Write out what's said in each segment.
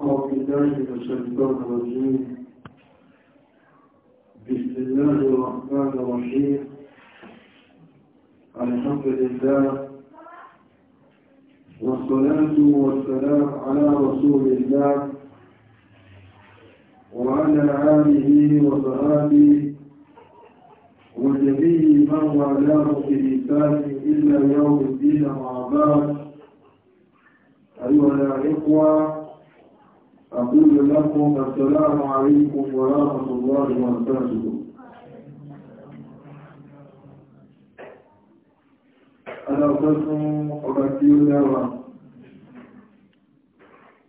أعوذ بالله من الشيطان الرجيم بسم الله الرحمن الرحيم الحمد لله والصلاة والسلام على رسول الله وعلى آله وصحابه والجميع من والاه بلسان إلا يوم الدين مع بعض أيها الإخوة أقول لكم السلام عليكم ورحمة الله وبركاته أنا أقسم أبكي دعوة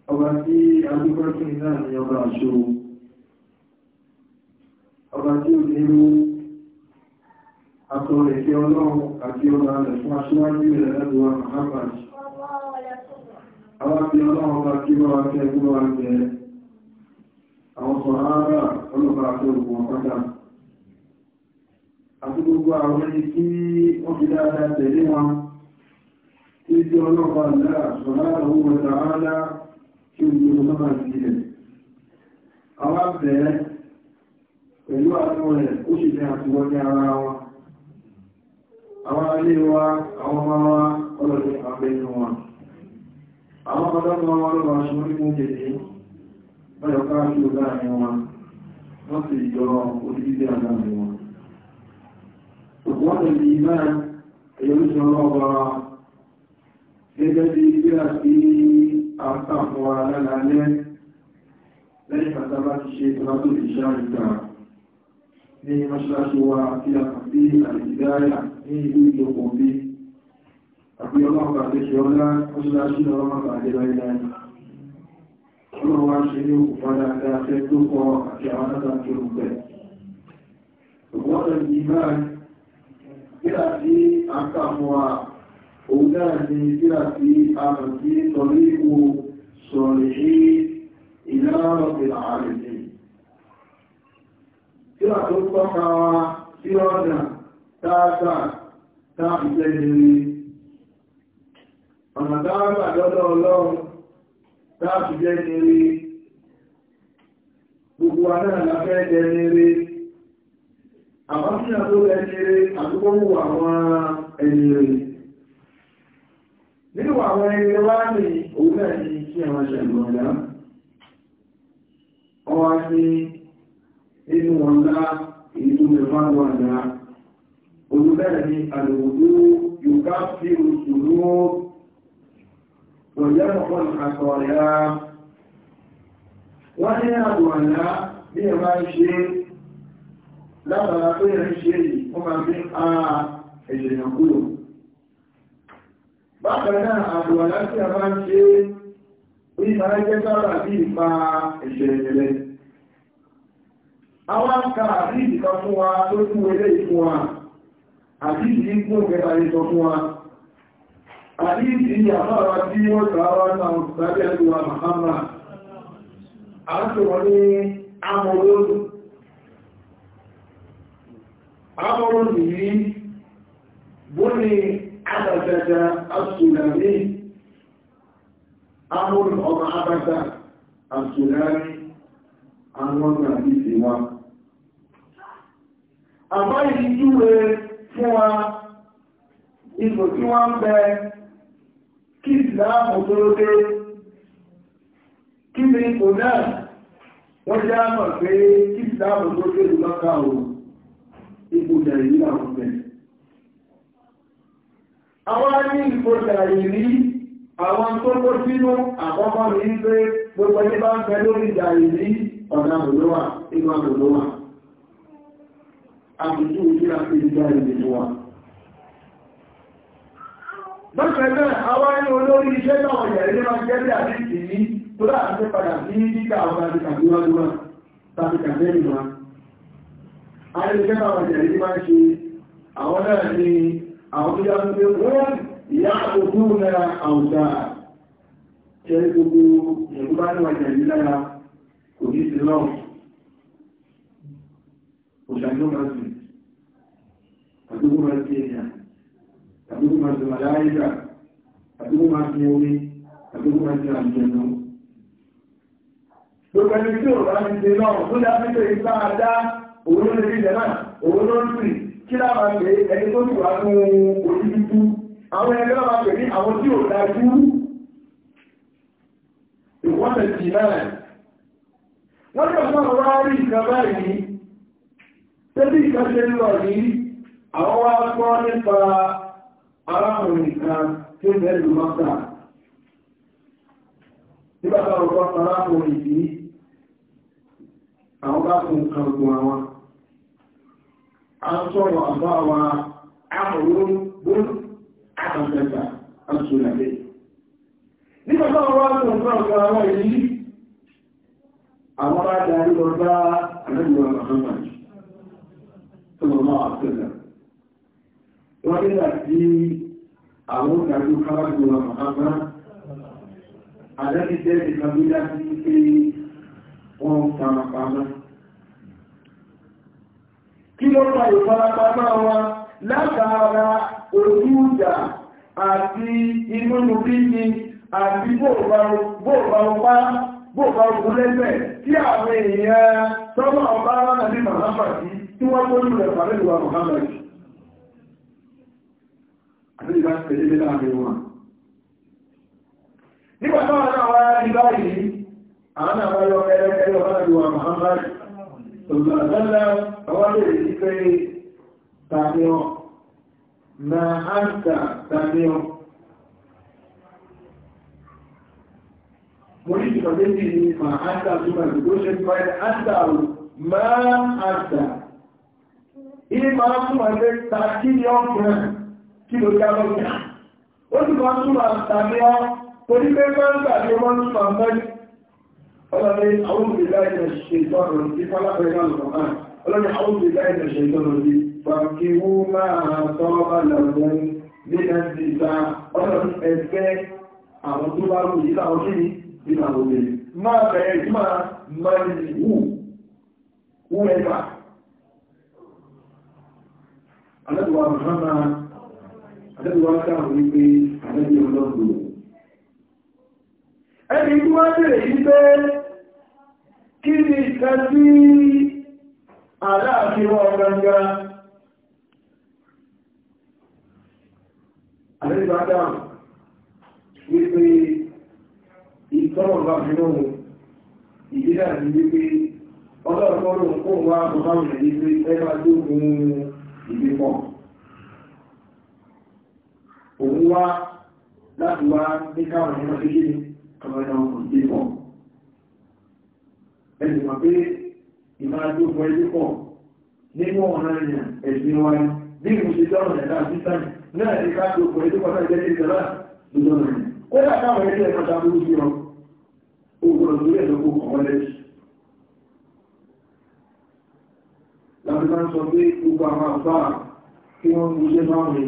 أبكي أدوكي نان يبع شو أبكي نيرو أقول لك يا الله أكيد أنا أسمع شو عندي لأدوى محمد àwọn àti ọlọ́run bá kí wọ́n tẹ́ ẹgbẹ́ wọn jẹ àwọn sọ ara ọlọ́pàá àti ògùn ọ̀pọ̀dá àti gbogbo àwọn ẹni tí wọ́n fi dáadáa tẹ̀lé wọn tí tí ọlọ́pàá náà sọ lára owó wa àwọn ọlọ́nà wọn lọ́wọ́ aṣọ orí mú gẹ̀ẹ́ báyọ̀ káàkiri láàrin wọn wọ́n sì jọ orílẹ̀-èdè àdáàrin wọn wọ́n tẹ̀lé náà ẹ̀yọ́lùsọ lọ́wọ́ gẹ́gẹ́ bí ilé àti àtàfọ́ alálẹ́ lẹ́yìn pàtàkì ti ṣe tọ́látò ìṣà ìta àti ọlọ́pàá àti ṣọ́lá oṣùláṣí ọlọ́pàá àti láìláì ọlọ́ wá ṣe ní òkúfàdà àtàfẹ́ tó kọ àti àwọn àtàkì òpẹ́ ọgbọ́n ìgbà kíra sí àkàfọ́wà òun náà ni kíra sí àmàtí sọ̀rí ìwò sọ̀rí ìlàrọ̀pẹ̀ ọ̀nà dáwàbà lọ́dọ̀ ọlọ́run táàfi jẹ́ nírí gbogbo anáà láfẹ́ jẹ́ nírí àwọn tí a tó lẹ́ nírí àtúgbọ́mù àwọn ẹnìrì nínú àwọn ẹni wá ní òun náà ní kí àwọn ṣẹ̀gbọ̀nlá ọwá sí inú ọ̀nà ìlú mẹ́fà wọ̀nà olùbẹ̀rẹ̀ ni àlòrò yóò ká sí òṣùlú òyẹ́rọ̀pọ̀ ìkàtọ̀ ọ̀yá wọ́n ní àdùwàlá bí ẹ máa ń ṣe lábàrá tó yẹ ń ṣe yìí wọ́n máa fi á èèyàn kúrò bákan náà àdùwàlá tí a máa ń ṣe orí máa jẹ́ sára bí ipa ẹ̀ṣẹ̀ ìrẹ̀lẹ̀ àwọn àkà àbí ìdìkan fún wa tó tún wọlé ìfún wa àbí ìdí fún wa Àdíjì àmọ́ra tí ó tààrà a ní amòrólù. Amòrólù yìí, bó ní àbàjàjà àṣùlàmí, amòrò ọmọ àbàjà àwọn tàbí ìwà. Àbáyìí túwẹ́ fún wa, kí ìsìláàmù tó dé kí ni ipò náà wọ́n jẹ́ àmọ̀ pé kí ìsìláàmù tó dé ìlú lọ́kà ò ipò jẹ̀rí àwọn bẹ̀rẹ̀ àwọn ní ipò jẹ̀rí rí àwọn tó kó sínú àkọ́kọ́ ní pé gbogbo ẹni bá ń fẹ́ lórí jẹ̀rí rí ọ̀nà àbòlówà inú àbòlówà àbùtù ìjìlá fi jẹ́ ìdìbò wa lọ́sẹ̀lẹ̀ àwọn ẹni olórí iṣẹ́ náà yẹ̀rẹ́ ní máa jẹ́rẹ́ àdíkì ní tó láti fẹ́ padà sí díkà àwọn àdìkàdúwádúwá tàbí kàmẹ́rin wa. àwọn iṣẹ́ náà yẹ̀rẹ́ ní máa ṣe àwọn náà ni àwọn tó yàtọ̀ pé wọ́n ìyá àkókò náà àwùjá ṣẹ́rí gbogbo ìyẹ̀kúbá níwà jẹ̀rí lára kò ní sí náà òṣàlómọ́sì àdúgbò àdúgbò ti màláìkà àdúgbò ti omi àdúgbò ti àjẹ̀nà gbogbo ẹni tí ò bá ti ṣe náà tó dá pípé ipá òun ló lè jẹ náà òun ló ń rìn kí láwa pé ẹni tó ti wà fún orí dúdú àwọn ẹgbẹ́ láwa pè àwọn tí ò dájú ìwọ́n arákùnrin kan tí ó bẹ̀rù mọ́ta nígbà tó ọkọ̀ arákùnrin yìí àwọn bá fún kankan àwọn asọ́rọ̀ àbá wa àmọ̀rún bún àtàkẹta aṣòlàdé nígbà tó ọwọ́ fún kankan àwọn yìí wọ́n ní láti àwọn ìdájú káwàjú wa mọ̀hámá àdájíjẹ́ ìkàmílá sí pé wọ́n farapamọ́ kí ló pa ìfarapamọ́ wa látara ojújà àti inúnu bíbi àti bóòbá bóòbá ogun lẹ́gbẹ̀ tí àwọn èèyàn sọ́mọ̀ ọba rárá ní mọ̀hámà sí tí wọ́n tó lù rẹ̀ pàlẹ́lùwà mọ̀hámà sí àti ìbá tẹ̀lé lé láàrin wọn nígbà tó wọn náà wá ní báyìí àwọn àwọn ayọ ẹlẹ́kẹ́lẹ́ ọba àdúwà Muhammad tòlú àdálá ọwọ́ lè rí pé tàbíọ́ na áńtà tàbíọ́ mo ní ìtọ́jú ní ní ma áńtà túmọ̀ sí tó ṣe pẹ́ áńtà ò máa áńtà ilé máa túmọ̀ sí tàbí ọkùnrin kí ló dáwọ́ ìyá ó sì máa túnmọ̀ àtàmì ọ́ torí pé máa ń tàbí ọmọ ń túnmọ̀ mẹ́rin ọlọ́dẹ àwọn òbílá ilẹ̀ ṣe ìtọ́rọ̀ sí pálápẹ̀rẹ̀ náà lọ́nà ọlọ́dẹ àwọn òbílá ilẹ̀ ṣe ìtọ́rọ̀ sí pàkíwú máa tọ́ bá lọ́wọ́ ní ẹ̀sì ìta ọlọ́dẹ ẹgbẹ́ àwọn tó bá wù yíká ọdún ní ìlànà òbí máa bẹ̀rẹ̀ tí máa máa ní wù wù ẹ̀ka alẹ́bùwà mọ̀hánà àdẹ́bíwá káàrùn wípé àdẹ́bí ọlọ́gbò ẹni tí wọ́n bèèrè yí pé kí ni ìkẹ́ sí aláàfíwọ́ ọgbọ̀ngá àdẹ́bíwá káàrùn wípé ìtọ́rọ̀gbà fíwọ́n ìdílẹ̀ àti wípé ọlọ́ọ̀kọ́rùn-ún kó wá àbúkọ́ òun wá láti wá ní káwọn ẹ̀rọ sí kí ni ọmọ ẹ̀rọ kò sí pọ̀ ẹ̀sìn mọ̀ pé ìmọ̀ àjọpọ̀ ẹbí pọ̀ nínú ọ̀nà ìyàn ẹ̀sìn wa ni bí mo ṣe dáhùn ẹ̀dá sísan náà ní ká àjọpọ̀ ẹbí pọ̀ náà jẹ́ kí ìjọba lójọ́ rẹ̀ ó yà káwọn ẹbí ẹ̀kọ́ ta burú sí ọ ògbọ̀n tó yẹ lọ́kọ̀ ọ̀kọ̀ lẹ́sì láti máa ń sọ pé gbogbo àwọn àfáà kí wọ́n ń gbé máa ń rìn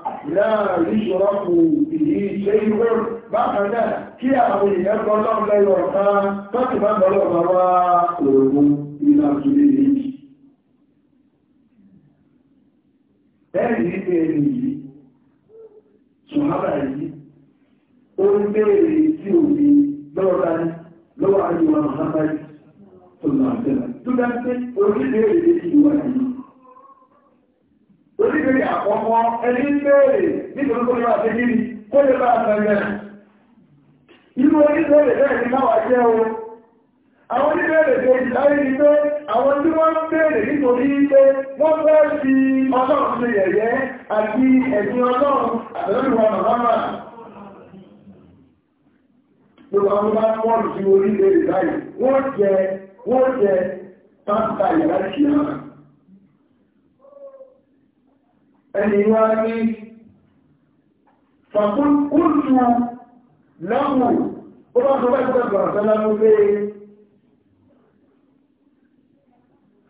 náà rí ṣọ́rọ́pù ìdí ṣe ìwé bákan náà kí àwọn èèyàn kan lọ́pù lẹ́yọ ọ̀kan tó ti máa bọ́lọ̀ bá wá òògùn ìlà ìtúlé méjì. bẹ́ẹ̀ ní pé ẹni yìí ṣùgbọ́n yìí ó ń béèrè tí òbí lọ́wọ́ dání lọ́wọ́ àjọ àwọn àbáyé tó oníbìrì àkọ́kọ́ ẹni bẹ́ẹ̀rẹ̀ nítorí kó lè bá ṣe gírí kó lè bá ṣẹlẹ̀ inú oníbẹ̀ẹ̀rẹ̀ bẹ́ẹ̀ ni máa wà jẹ́ o àwọn oníbẹ̀ẹ̀rẹ̀ tó ìdáyé ni pé àwọn tí wọ́n bẹ̀ẹ̀rẹ̀ nítorí pé wọ́n fẹ́ fi ọlọ́run ṣe yẹ̀yẹ́ àti ẹ̀sìn ọlọ́run àtẹ̀lẹ́dùnmọ́ màmáma gbogbo àwọn bá wọ́n ẹni wá ní fàkúrútù láwù ó bá sọ bẹ́ẹ̀ pẹ̀lú àtọ́lá ló lé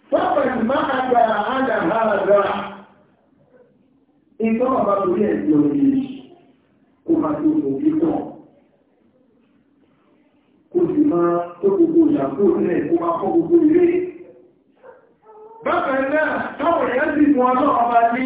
fọ́pẹ̀lú máa àgbà àgbà àgbà ìtọ́ ọba torí ẹ̀ tí ó ní kó máa tó fò títọ̀ kó sì máa tó gbogbo ìyàkó rẹ̀ kó máa kọ́ gbogbo ilé bákan náà táwọn èèyàn sì fún ọlọ́ ọba ní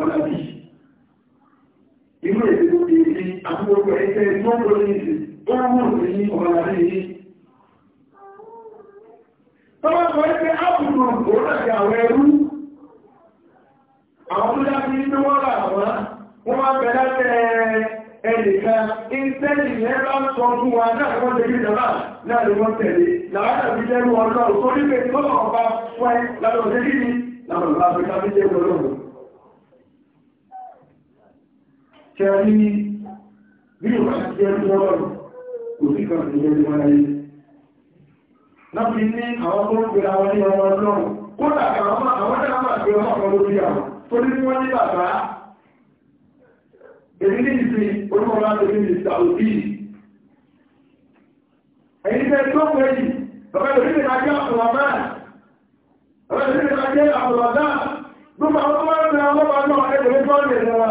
mọ́nà bí inú èdè tó ti di àtúgbogbo àwọn ní fún ọlọ́run kẹrí bí o bá jẹ́ lọ́rọ̀ kò sí kan sí ẹgbẹ́ wọn ayé láti ní àwọn tó ń pè àwọn ní ọmọ ọlọ́run kódà àwọn dáadáa pé ọmọ ọmọ lórí àwọn tó ní wọ́n ní bàbá èyí ní ìsìn orúkọ láti ní ìsà òbí èyí tẹ́ tó pé yìí bàbá ìlú ní ìdájọ́ àpòlọ́bá bàbá ìlú ní ìdájọ́ àpòlọ́bá gbogbo àwọn tó wá ń ra ọlọ́pàá náà ẹgbẹ̀rún tó ń lè lọ́wọ́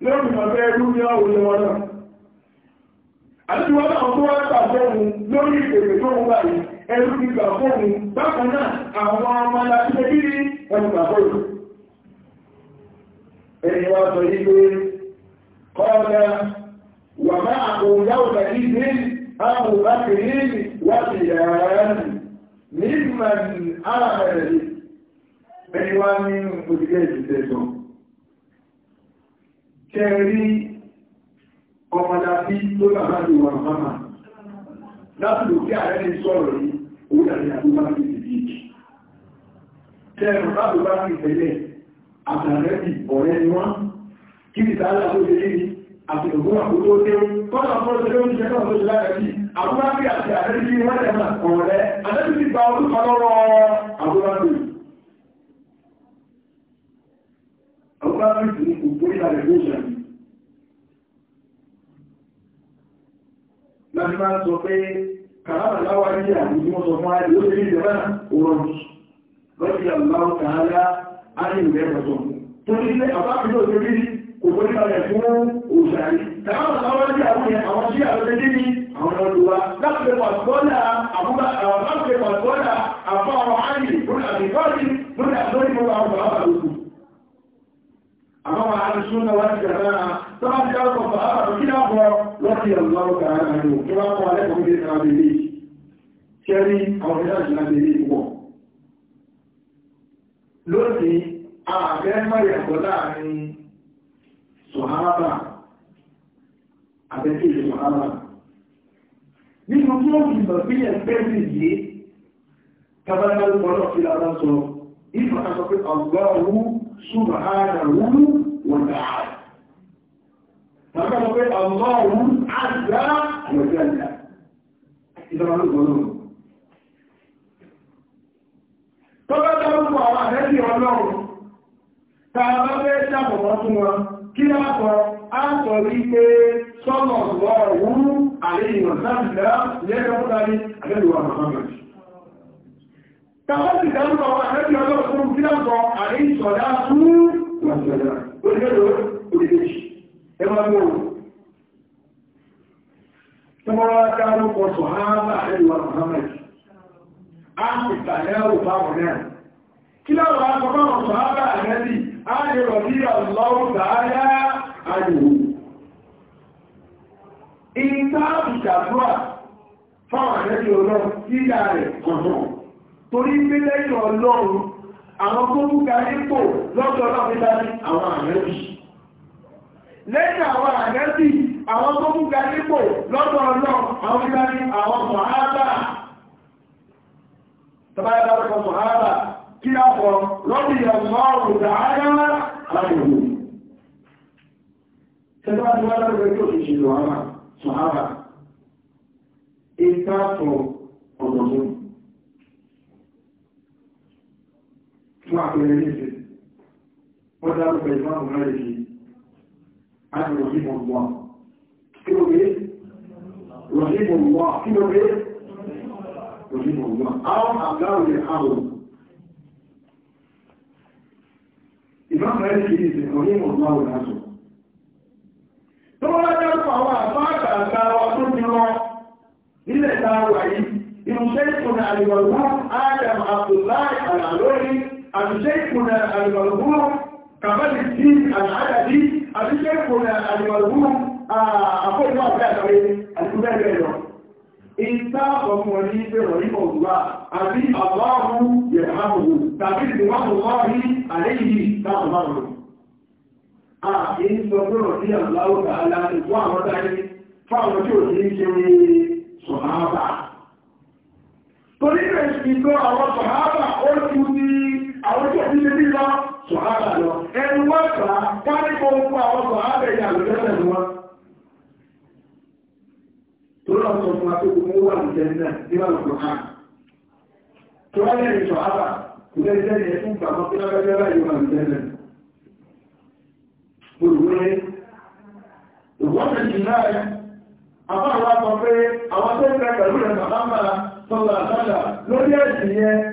lórí ìmọ̀fẹ́ ẹrú ní ọ̀wọ̀lẹ̀ wọn náà. àti náà tó wá gbà lórí ìpèsè tó ń wà yìí ẹrú ti gbà bákan náà àwọn ọmọ bí i ẹni wá sọ yí pé wà máa tàbí ní àwọn wá sí yàrá àràbẹ̀rẹ̀ ẹni wá tẹ́rí ọmọdábí tó bàbá ní wà máma láti lò kí ààrẹ ní sọ̀rọ̀ yìí òun àti àbúbá ní ìdíjì tẹ́rù lábúbá ní ìfẹ́lẹ̀ àtàrẹ́bì ọ̀rẹ́ ni wọ́n kí ní sáà lábó lélé ní àti ògùn àkókò tẹ́ kọ́nà fọ́nà tó ń jẹ́ náà tó ṣe láàrẹ́bì àbúbá bí àti àrẹ́bì wọ́n tẹ̀ bá rí ìlú kò tó ìlànà ìlú ìṣàlẹ̀. Láti máa ń sọ pé kàràbà láwá ní àwọn ìwọ̀n sọ fún àìlú ó lè ní ìjọba òrùn lọ́sí àláwọ̀ kààlá ánìyàn ẹ̀rọ sọ. Tó ní ilé àbáfi ló ṣe rí kò tó ìlànà fún òṣàlẹ̀. Kàràbà láwá ní àwọn àwọn sí àwọn ẹgbẹ́ ní àwọn ọlọ́dúnwá láti lè pàṣọ́lá àbúgbà àwọn láti lè pàṣọ́lá àbá àwọn àyè lórí àbíkọ́lì lórí àbúgbà àwọn bàbá àlòkù. أمام أهل السنة والجماعة طبعا كانت الصحابة كلا أخوة رضي الله تعالى عنه كما قال لكم في الإسلامي شري أو في الإسلامي هو لوتي أعجل ما يقول عني صحابة أبكي صحابة nínú tí ó fi mọ̀ bí ẹgbẹ́ sí yìí tàbí aláwọ̀ ọlọ́pìlà aláṣọ ìfàkàṣọ́ pé ọgbà ọrú subhanahu wa ta'ala maka sọ pé Allahu azza wa jalla ìjọba ló gbọ́ lóòrùn tó bá dárúkọ àwọn àrẹ́sì ọlọ́run ta bá fẹ́ sàbọ̀mọ́ fún wọn kí lápọ̀ á sọ Tàbátì dárúkọ àwọn àrẹ́bí ọlọ́run fún kílọ̀kọ̀ àrí ìṣọ̀dá fún ìwàṣọ̀dá. Orílẹ̀-èdè orílẹ̀-èdè. Ẹ máa mú òun. Tọ́mọ́rọ́ dárúkọ Sọ̀háábà àríwá Mohammed. A ti tàlẹ́ òfà mọ̀nà. Kílọ̀kọ̀ àkọ́kọ́ Sọ̀háábà ọlọ́run tààrá ìyá rẹ̀ kọ̀ọ̀kan torí pé lẹ́yìn ọlọ́run àwọn tó mú ga nípò lọ́dọ̀ ọlọ́pẹ́ta ní àwọn àmẹ́bì lẹ́yìn àwọn àmẹ́bì àwọn tó mú ga nípò lọ́dọ̀ ọlọ́run àwọn pẹ́ta ní àwọn mọ̀háábà tàbáyàbá rẹ̀ mọ̀háábà kí á fọ rọ́bìyàn mọ́rùn-ún dáadáa àyẹ̀wò tẹ́lá tí wọ́n lọ́rọ̀ tó ṣe ṣe lọ́wọ́ sọ̀háábà ìta fún ọ̀dọ̀ fún àpẹẹrẹ níṣẹ́ wọ́n dárúkọ ìmáàmù náà yìí àti rọ̀hìmọ̀lúwà kí ló gbé rọ̀hìmọ̀lúwà kí ló gbé rọ̀hìmọ̀lúwà àwọn àgbáwò àwọn ìmáàmù náà yìí ìsìn rọ̀hìmọ̀lúwà wọ́n náà tó wọ́n dárúkọ àwọn àbáàkà àgbáwà tó ti lọ nílẹ̀ táwà yìí irúṣẹ́ ìtùnà àríwọ̀lúwà Adam Abdullahi Alalori أبشيخنا المرهوم كمال الدين العددي أبشيخنا المرهوم أقول ما أبدا عليه الكتاب اليوم إنسى ومولي برحمه الله أبي الله يرحمه تابير دماغ الله عليه تأمره آه إن صبر رضي الله تعالى إسواه وتعالى فأرجو سيكي صحابة طريقة إسكتور الله صحابة قلت لي àwọn tí ẹ̀sìn ti lọ sọ̀hábà lọ ẹnu wá fà á àwọn tó lọ sọ fún wa mú wà tó kò wà náà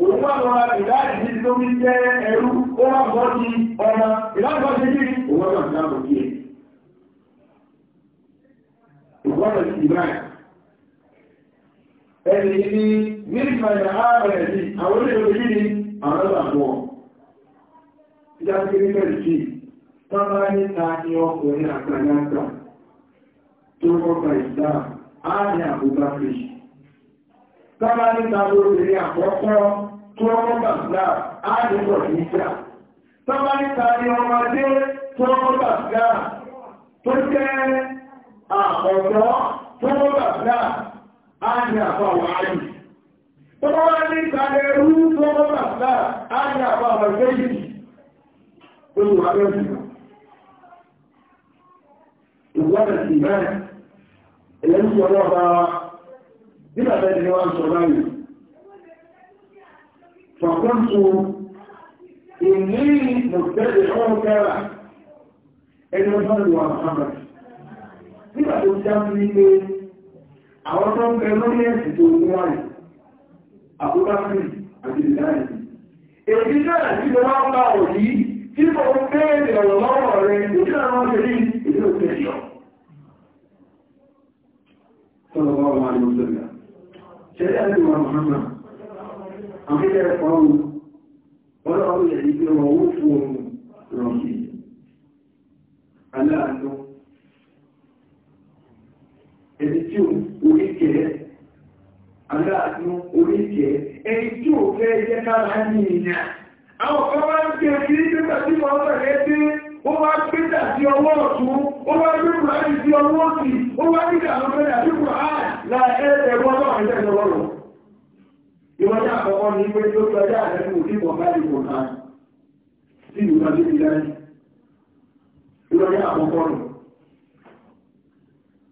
òun wà lọ́ra ìdájì ní tó ní jẹ́ ẹrú ó wà bọ́ sí ọmọ ìdájọ́ sí kí òun náà ní àbò kí ẹ. ìgbọ́dọ̀ sí ìbáyà ẹni ní mílíkì máa yà á rẹ̀ sí àwọn olóyè òbí ní àwọn ọ̀dọ́ àbọ̀ ìjà sí ní bẹ́ẹ̀ sí wọ́n bá ní ta ni ọkùnrin ní àbúgbà fèsì tọ́lá níta lóbìnrin àkọ́kọ́ tó ọmọ bàbá àdúgbò níjà tọ́lá níta ní ọmọdé tó ọmọ bàbá tó jẹ́ àkọ́kọ́ tó ọmọ bàbá àdì àfàwọ̀ àyè tọ́lá níta lẹ́rú tó ọmọ bàbá àdì àfàwọ̀ àyè olùwàbẹ̀ òṣìṣẹ́ nígbà tẹ́lẹ̀ ni wọ́n sọ báyìí fàkóńtù ìní mọ̀tẹ́lẹ̀ ọ̀kẹ́rà ẹni wọ́n sọ́rọ̀ wà sábà nígbà tó já sí wípé àwọn tó ń bẹ lórí ẹ̀sìn tó ń wáyé àkókò àti ìdáyé èyí náà tí mo máa ń bá ọ̀ yìí tí mo ń bẹ́ẹ̀rẹ̀ ọ̀rọ̀ lọ́wọ́ rẹ̀ èyí náà wọ́n ṣe rí ìlú òkè ṣọ́ Sallallahu alaihi wasallam. ṣẹlẹ̀ àti wọn mọ̀hánmà àwọn ilẹ̀ ẹ̀kọ́ ọ̀run ọlọ́run yẹ̀ ní pé wọ́n ó fún oòrùn rọ̀ sí aláàánú ẹni tí ó orí wá gbé kí ọwọ́ ọ̀tún ó wá gbé kùránì sí ọwọ́ òsì ó wá gbé wọ́n pé tó sọ dáa lẹ́nu òbí wọ̀n bá sí ìlú kan níbi láyé ìrọ̀lẹ́ àkọ́kọ́ rẹ̀.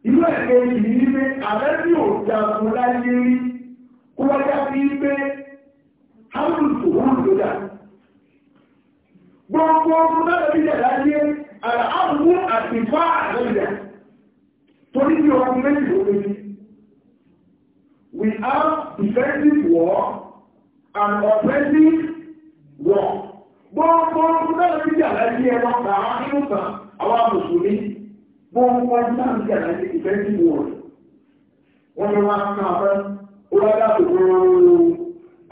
Ìlú ẹ̀kẹ́ yìí ní pé àlẹ́ tí ò jagun láyé rí kó wá já sí pé Hamilton wọ́n ló dà. Gbogbo ọdún náà lè jà láyé àrà àbúrú àti fá àlẹ́jà torí bí ọkùnrin méjì ló We have defensive war an offensive war. Gbogbo ọdún ti jà láti ẹwà pa àwọn nínú àwọn mùsùlùmí. Gbogbo ọdún ti jà láti defensive war. Wọ́n ni wọ́n kan fẹ́ ó wá láti gbogbo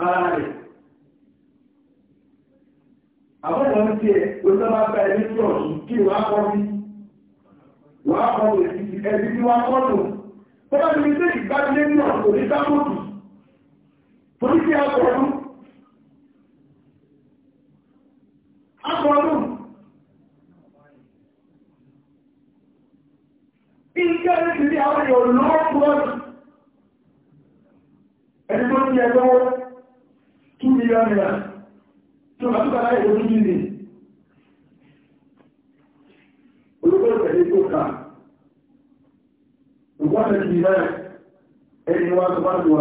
ara rẹ̀. Àwọn ọmọ ti ẹ̀ ó ẹni tí ọ̀sùn kí wọ́n á kọ́ bí. Wọ́n á kọ́ bí tí wọ́n á kọ́ lò. Bọ́lá polisi akọ̀ọ̀dún akọ̀ọ̀dún ilé ẹni ti rí àwọn èèyàn lọ́wọ́ pọ́ọ̀dù ẹni tó ti ẹgbọ́wọ́ ya million naira tó bá túbà láì lójú nílé olùkọ́ ìpẹ̀lẹ̀ tó kà ẹni wá tó bá wà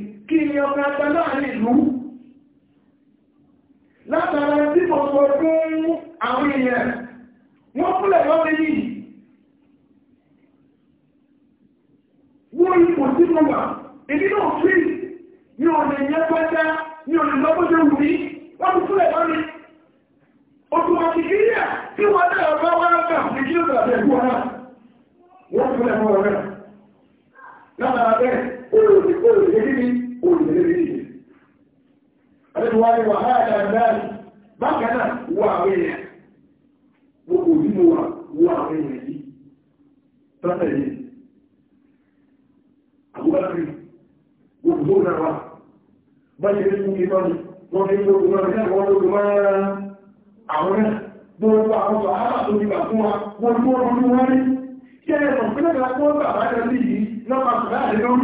kí ni ọmọ ẹgbẹ́ náà ní ìlú látara tí mo sọ fún àwọn èèyàn wọ́n fúnlẹ̀ lọ́wọ́ yìí wọ́n ipò tí mo wà èdè náà fi ní ọ̀nà ìyẹn pẹ́ta ní ọ̀nà ìlọ́gbọ́dẹ̀ wù mí wọ́n ti fúnlẹ̀ lọ́wọ́ Oṣù Màtìkíríà tí wọ́n dára bá wá ń gbà ní kí ó gbàgbẹ̀ ìwọ̀n náà. Wọ́n fúnlẹ̀ mọ́ ọ̀rẹ́. Lábàá bẹ́ẹ̀, olùdíkòrò olùdílérí àdéhùwárí wà dáadáa bákan náà wọ àwọn èèyàn gbogbo nínú wa wọ àwọn èèyàn yìí tọ́tẹ̀ yìí àbúgbàtí gbogbo náà wà báyìí ní kúkú ìtọ́ni wọ́n fi gbogbo náà ní àwọn olóògbé máa àwọn náà gbogbo àwọn sọ àbá tó ti gbà fún wa wọ́n gbogbo ọdún wọ́n rí kí ẹ̀rọ pínlẹ̀ kan tó bàbá jẹ́ sí yìí lọ́pàá sọ̀rọ̀ àdéhùn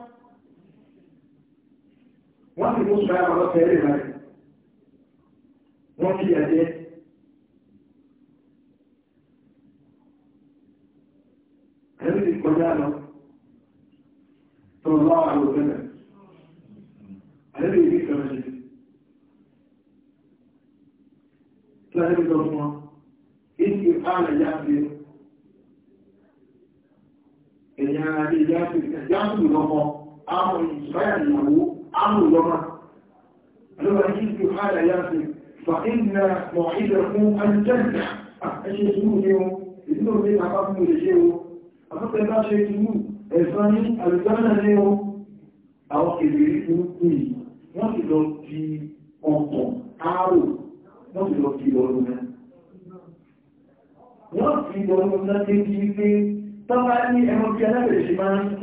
wọ́n ti mú ṣùgbọ́n àwọn ọ̀fẹ́rẹ́ rẹ̀ wọ́n fi ẹ̀jẹ̀ ẹ̀rí ti kọjá lọ tó lọ́wọ́ àwọn òṣèlú ẹ̀rí ìbí kan ṣe tó ẹ̀rí lọ fún wọn ìsì ààrẹ yáàbí ẹ̀yà àdé yáàbí lọ́kọ̀ àwọn ìṣọ́yà ìyàwó عمرو ومر لو أجلت حال ياسر فإن موعدكم الجنة أشياء سنوه يوم ìdúró pé àpá fún olèṣe o àtúntẹ̀ bá ṣe ti mú ẹ̀sán ní àlùjọ́nà ní o àwọn èbèrè burúkú yìí wọ́n sì lọ di ọkọ̀ àárò wọ́n sì lọ di ọrùn náà wọ́n sì lọ ọrùn náà dé bí pé tọ́lá ní ẹran bí alábẹ̀rẹ̀ ṣe máa ń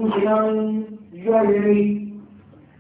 yọ ayẹrẹ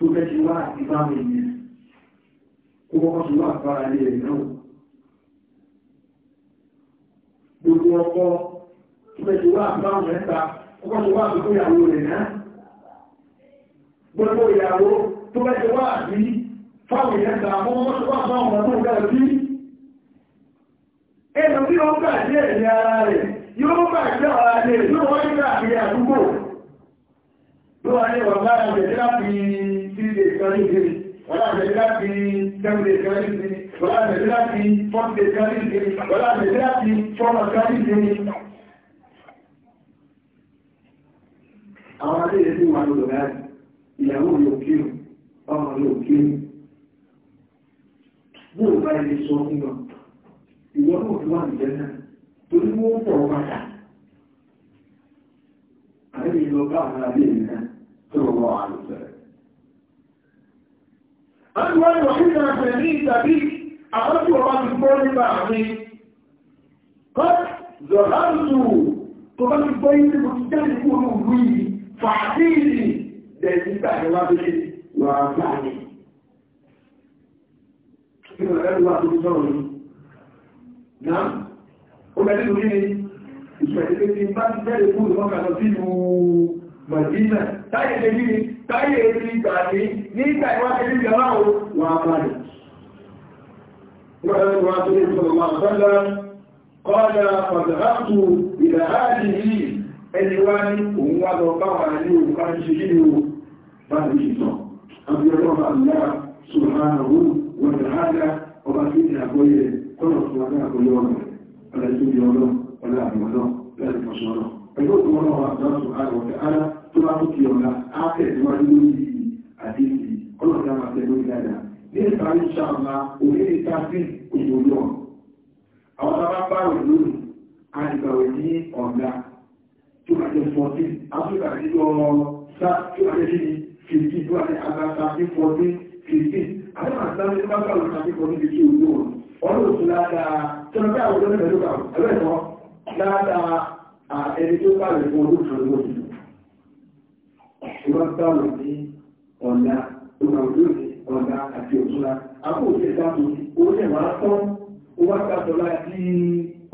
tó fẹ́ ṣe wá àti báwọn ènìyàn kó kọ́kọ́ ṣe wá àfárá ilé rẹ̀ náà gbogbo ọkọ tó fẹ́ ṣe wá àbáwọn mẹ́ta kọ́kọ́ ṣe wá àbúkú ìyàwó rẹ̀ náà gbogbo ìyàwó tó fẹ́ ṣe wá àbí fáwọn ìyẹ́ta kọ́kọ́ ṣe wá àbáwọn ọmọ tó ń gbà sí ẹnu bí ó gbà sí ẹ̀yìn ara rẹ̀ yóò gbà sí ara rẹ̀ yóò wọ́n ní àbí àdúgbò tó wà ní wà láàrin rẹ̀ láti three days kan ní ìsinmi wọ́n láti láti seven days kan ní ìsinmi wọ́n láti láti four days kan ní ìsinmi wọ́n láti láti four months kan ní ìsinmi. àwọn adéyẹ tí wà lọ́dọ̀ rẹ̀ ìyàwó yóò kírun ọmọ yóò kírun bí ò bá ilé sọ fún wọn ìwọ náà tó wà nìjẹ náà torí wọ́n pọ̀ padà àdéyẹ lọ bá àwọn adéyẹ náà tó wọ́n wà lọ́dọ̀ rẹ̀. Àwọn ìwọ̀n ìwọ̀n ìwọ̀n ní ìtàbí àwọn tí wọ́n bá ti gbọ́ nípa àmì. Kọ́t Zọ̀láńtù tó bá ti gbọ́ yìí tó ti jáde kú ní òwú yìí, fàájìlì dẹ̀sí ìgbàjọba tó ṣe wà láàrin. Kí ni ọ̀rẹ́ wà tó sọ̀rọ̀ yìí? Náà, ó bẹ̀rẹ̀ lórí ìṣẹ̀lẹ̀ tí bá ti jáde kú ní mọ́kànlọ́ sínú Màdínà táyé lèrí táyé èrí ìgbà ní nígbà ìwádìí ìjọba wà bàrẹ̀. Wọ́n rẹ̀ wá tó lè sọ̀rọ̀ máa sọ́lá, kọ́lá pàtàkì ìdà áàdì yìí ẹni wá ní òun wá lọ báwà ní òun bá ń ṣe yìí o bá lè ṣe sọ. Àbí ọlọ́run àlá subhanahu wa ta'ala tó bá tún ti ọ̀la á tẹ̀síwájú lórí àdéhùn ọlọ́dà máa tẹ̀ lórí dáadáa ní ìparí ṣàmà òmìnir tàbí òṣòlò àwọn tàbá bá rẹ̀ lórí àìgbàwẹ̀ ní ọ̀gá tó bá jẹ́ 14 áfíríkà tí lọ sá tó bá jẹ́ sí 15 tó bá jẹ́ agbáta ní 14 15 àwọn àtàrí bá bá rẹ̀ tàbí 14 fi sí òjò ọlọ́ òṣù ládàá tọ́lọ́dá àwọn olóògbé lókàwọ̀ ẹ̀rẹ́ ẹ̀kọ́ ládàá ẹni tó bá rẹ̀ fún ọdún kan lóṣù ṣùgbọ́n dáwò ní ọ̀nà ìrọ̀lórí ọ̀nà àti òtúnla àwọn òṣèlú dáàbò orí ẹ̀wà tọ́ ó wá sàtọ́lá di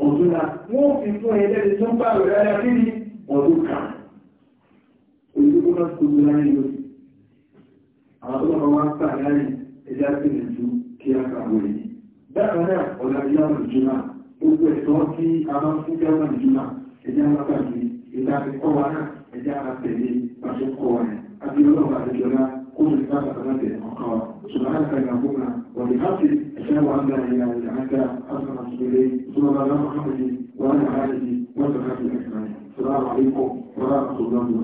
ọ̀túnla wọ́n fi fún ẹlẹ́ni tó ń bá rẹ̀ rárá sí ní ọdún kan olùdókòwò náà tó gbé láyé lórí àwọn tó bá wá ń sà láyé ẹja sí ní ju kí á kà wọlé bákan náà ọ̀nà ìyá òjòmá gbogbo ẹ̀tọ́ tí a máa ń fún gẹ́gẹ́ òjòmá ẹja máa bàjẹ́ ìlànà ọwà náà ẹ̀jẹ̀ ara tẹ̀lé pàṣẹ kọ́ ẹ̀ àti ọlọ́run àtẹ̀jọ́lá kó lè bá bàbá náà tẹ̀lé ọkọ̀ ṣùgbọ́n láti ẹ̀ka gómìnà wọ̀n lè láti ẹ̀ṣẹ́ wa ń da ìyá ìyá ńlá asọ̀nà ṣùgbọ́n ṣùgbọ́n bàbá náà wọ́n á lè wọ́n á lè wọ́n á lè wọ́n á lè wọ́n á lè wọ́n á lè wọ́n